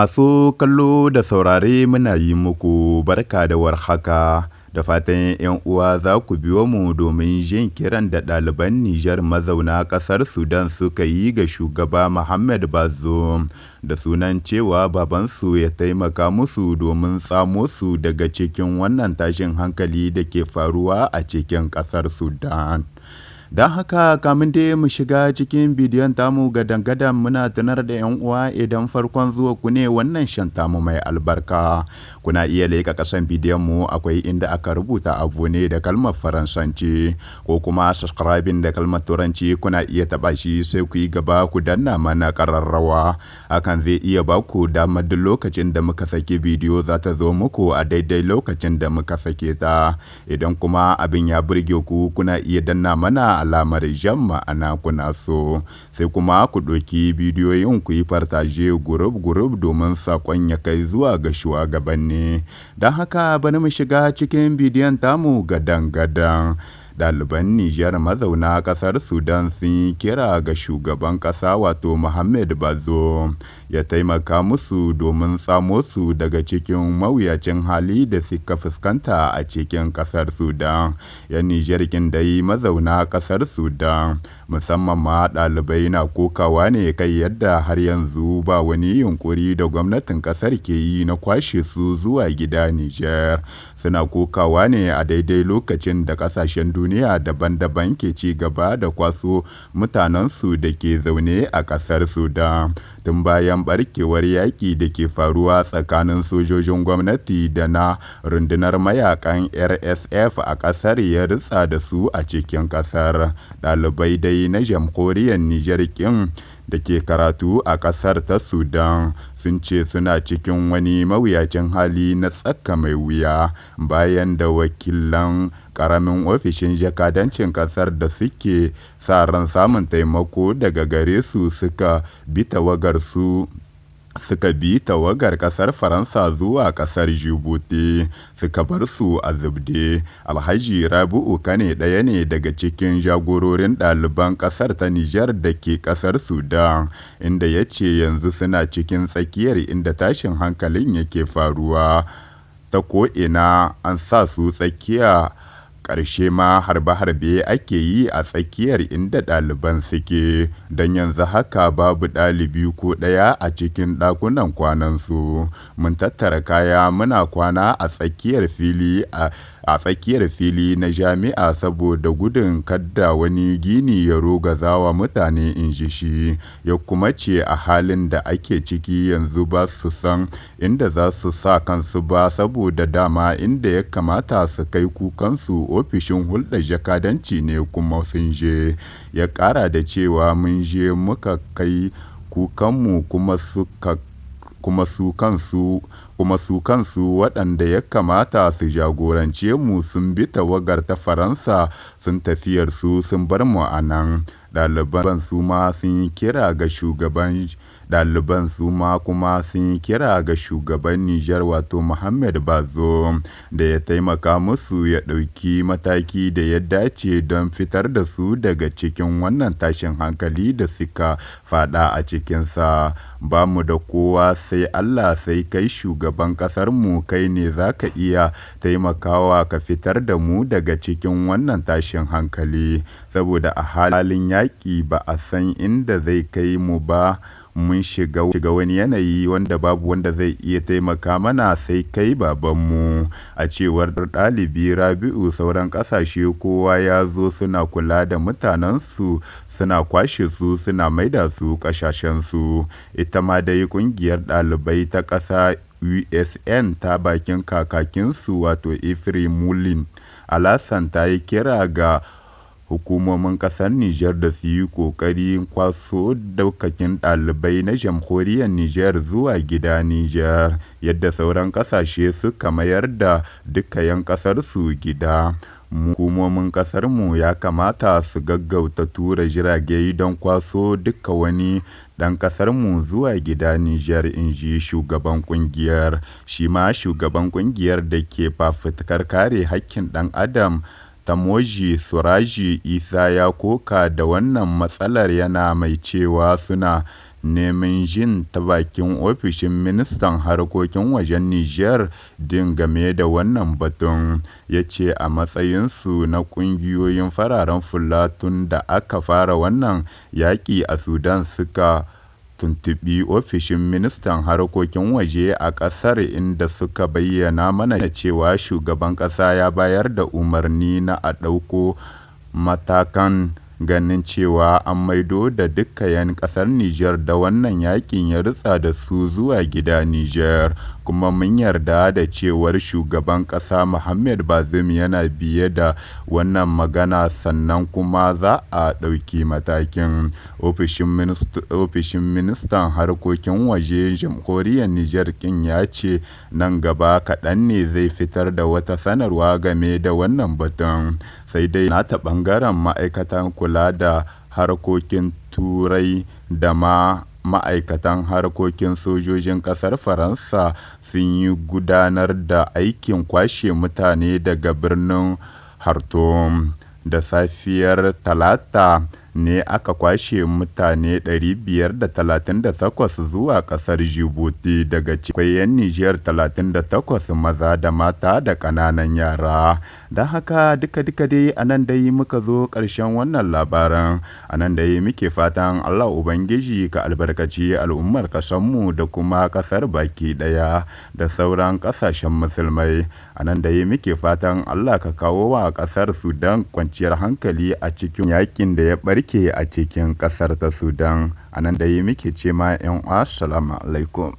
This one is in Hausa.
masu kallo da saurare muna yi muku barka da warhaka da fatan 'yan uwa za ku biyo mu domin jin kiran da ɗaliban Nijar mazauna ƙasar Sudan suka yi ga shugaba Muhammad Bazoum da sunan cewa babansu ya taimaka musu domin tsamo su daga cikin wannan tashin hankali da ke faruwa a cikin ƙasar Sudan. Don haka kamun dai mu shiga cikin bidiyon tamu ga gadan muna tunar da 'yan uwa idan farkon zuwa ku ne wannan shan tamu mai albarka. Kuna iya leka ƙasan bidiyon mu akwai inda aka rubuta abu ne da kalmar Faransanci ko kuma subscribing da kalmar Turanci kuna iya taɓa shi sai ku yi gaba ku danna mana kararrawa akan zai iya ba ku damar duk lokacin da muka saki bidiyo za ta zo muku a daidai lokacin da muka sake ta. Idan kuma abin ya burge ku kuna iya danna mana alamar jan ma'ana kuna so, sai kuma ku ɗauki bidiyoyin ku yi fartaje gurub-gurub domin sakon ya kai zuwa ga shugabanni. Don haka bari mu shiga cikin bidiyon tamu gadan-gadan. ɗaliban Nijar mazauna ƙasar Sudan sun yi kira ga shugaban ƙasa wato Mohamed Bazo, ya taimaka musu domin samo su daga cikin mawuyacin hali da suka fuskanta a cikin ƙasar Sudan. ‘Yan Nijar dai mazauna ƙasar Sudan musamman ma ɗalibai na kokawa ne kai yadda har yanzu ba wani yunƙuri da gwamnatin ƙasar ke yi na kwashe su zuwa gida Nijar. Suna kokawa ne a daidai lokacin da ƙasashen duniya duniya daban-daban ke ci gaba da kwaso mutanensu da ke zaune a ƙasar Sudan tun bayan barkewar yaƙi da ke faruwa tsakanin sojojin gwamnati da na rundunar mayakan RSF a ƙasar ya ritsa da su a cikin ƙasar. Ɗalibai dai na jamhuriyar Nijar kin da ke karatu a ƙasar ta Sudan sun ce suna cikin wani mawuyacin hali na tsaka mai wuya bayan da wakilan ƙaramin ofishin jakadancin ƙasar da suke sa ran samun taimako daga gare su suka bi tawagar su suka bi tawagar kasar faransa zuwa kasar jibuti suka bar su a zubde alhaji Rabu'u kane ɗaya ne daga cikin jagororin ɗaliban kasar ta nijar da ke kasar sudan inda ya ce yanzu suna cikin tsakiyar inda tashin hankalin yake faruwa ta ko'ina an sa su tsakiya ƙarshe ma harbe-harbe ake yi a tsakiyar inda ɗaliban suke don yanzu haka babu ɗalibi ko ɗaya a cikin ɗakunan kwanansu mun tattara kaya muna kwana a tsakiyar fili a a tsakiyar fili na jami'a saboda gudun kadda wani gini ya zawa mutane inji shi, ya kuma ce a halin da ake ciki yanzu ba su san inda za su sa kansu ba saboda dama inda ya kamata su kai kukansu ofishin hulɗa jakadanci ne kuma sun je ya ƙara da cewa mun je muka kai kukanmu kuma suka kuma su kansu waɗanda ya kamata su jagorance mu sun bi tawagar ta Faransa sun tafiyar su sun bar mu a nan. ɗaliban su ma sun yi kira ga Shugaban ɗaliban su ma kuma sun yi kira ga shugaban Nijar wato Muhammad bazo da ya taimaka musu ya ɗauki mataki da ya dace don fitar da su daga cikin wannan tashin hankali da suka fada a cikinsa. Ba mu da kowa sai Allah sai kai shugaban ƙasarmu kai ne za ka iya taimakawa ka fitar da mu daga cikin wannan tashin hankali saboda a halin yaƙi ba a san inda zai kai mu ba. Mun shiga wani yanayi wanda babu wanda zai iya taimaka mana sai kai babanmu, a cewar ɗalibi Rabi'u sauran ƙasashe kowa ya zo suna kula da mutanensu suna kwashe su suna maida su ƙasashensu. Ita ma dai ƙungiyar ɗalibai ta ƙasa USN ta bakin kakakinsu wato ifri mulin alasan ta yi kira ga hukumomin ƙasar Nijar da su yi ƙoƙarin kwaso daukakin ɗalibai na jamhuriyar Nijar zuwa gida Nijar, yadda sauran ƙasashe suka mayar da duka 'yan ƙasarsu gida. hukumomin ƙasarmu ya kamata su gaggauta tura jirage don kwaso duka wani ɗan mu zuwa gida Nijar in ji shugaban ƙungiyar, shi ma shugaban ƙungiyar da ke fafutukar kare haƙƙin ɗan Adam lamoji suraji Isa ya koka da wannan matsalar yana mai cewa suna neman jin ta bakin ofishin ministan harkokin wajen Nijar din game da wannan batun, ya ce a matsayinsu na ƙungiyoyin fararen fulatun da aka fara wannan yaƙi a Sudan suka tuntubi ofishin ministan harkokin waje a ƙasar inda suka bayyana mana cewa shugaban ƙasa ya bayar da umarni na a ɗauko matakan ganin cewa an maido da duka 'yan ƙasar Nijar da wannan yakin ya ritsa da su zuwa gida Nijar. kuma mun yarda da cewar Shugaban ƙasa Mohamed Bazoum yana biye da wannan magana sannan kuma za a ɗauki matakin. Ofishin Ministan Harkokin Waje Jamhuriyar Nijar ɗin ya ce nan gaba kaɗan ne zai fitar da wata sanarwa game da wannan batun. Sai dai nata ɓangaren ma'aikatan kula da harkokin Turai da ma ma'aikatan harkokin sojojin ƙasar Faransa sun yi gudanar da aikin kwashe mutane daga birnin Khartoum da safiyar Talata. ne aka kwashe mutane 538 zuwa ƙasar Djibouti daga ciki akwai 'yan Nijar 38 maza da mata da ƙananan yara. Don haka duka-duka dai a nan dai muka zo ƙarshen wannan labaran. A nan dai muke fatan Allah Ubangiji ka albarkaci al'ummar ƙasarmu da kuma ƙasar baki ɗaya da sauran ƙasashen musulmai. A nan dai muke fatan Allah ka kawo wa ƙasar Sudan kwanciyar hankali a cikin yakin da ya bari. barke a cikin ƙasar ta Sudan, a nan yi muke ce ma 'yan uwa alaikum.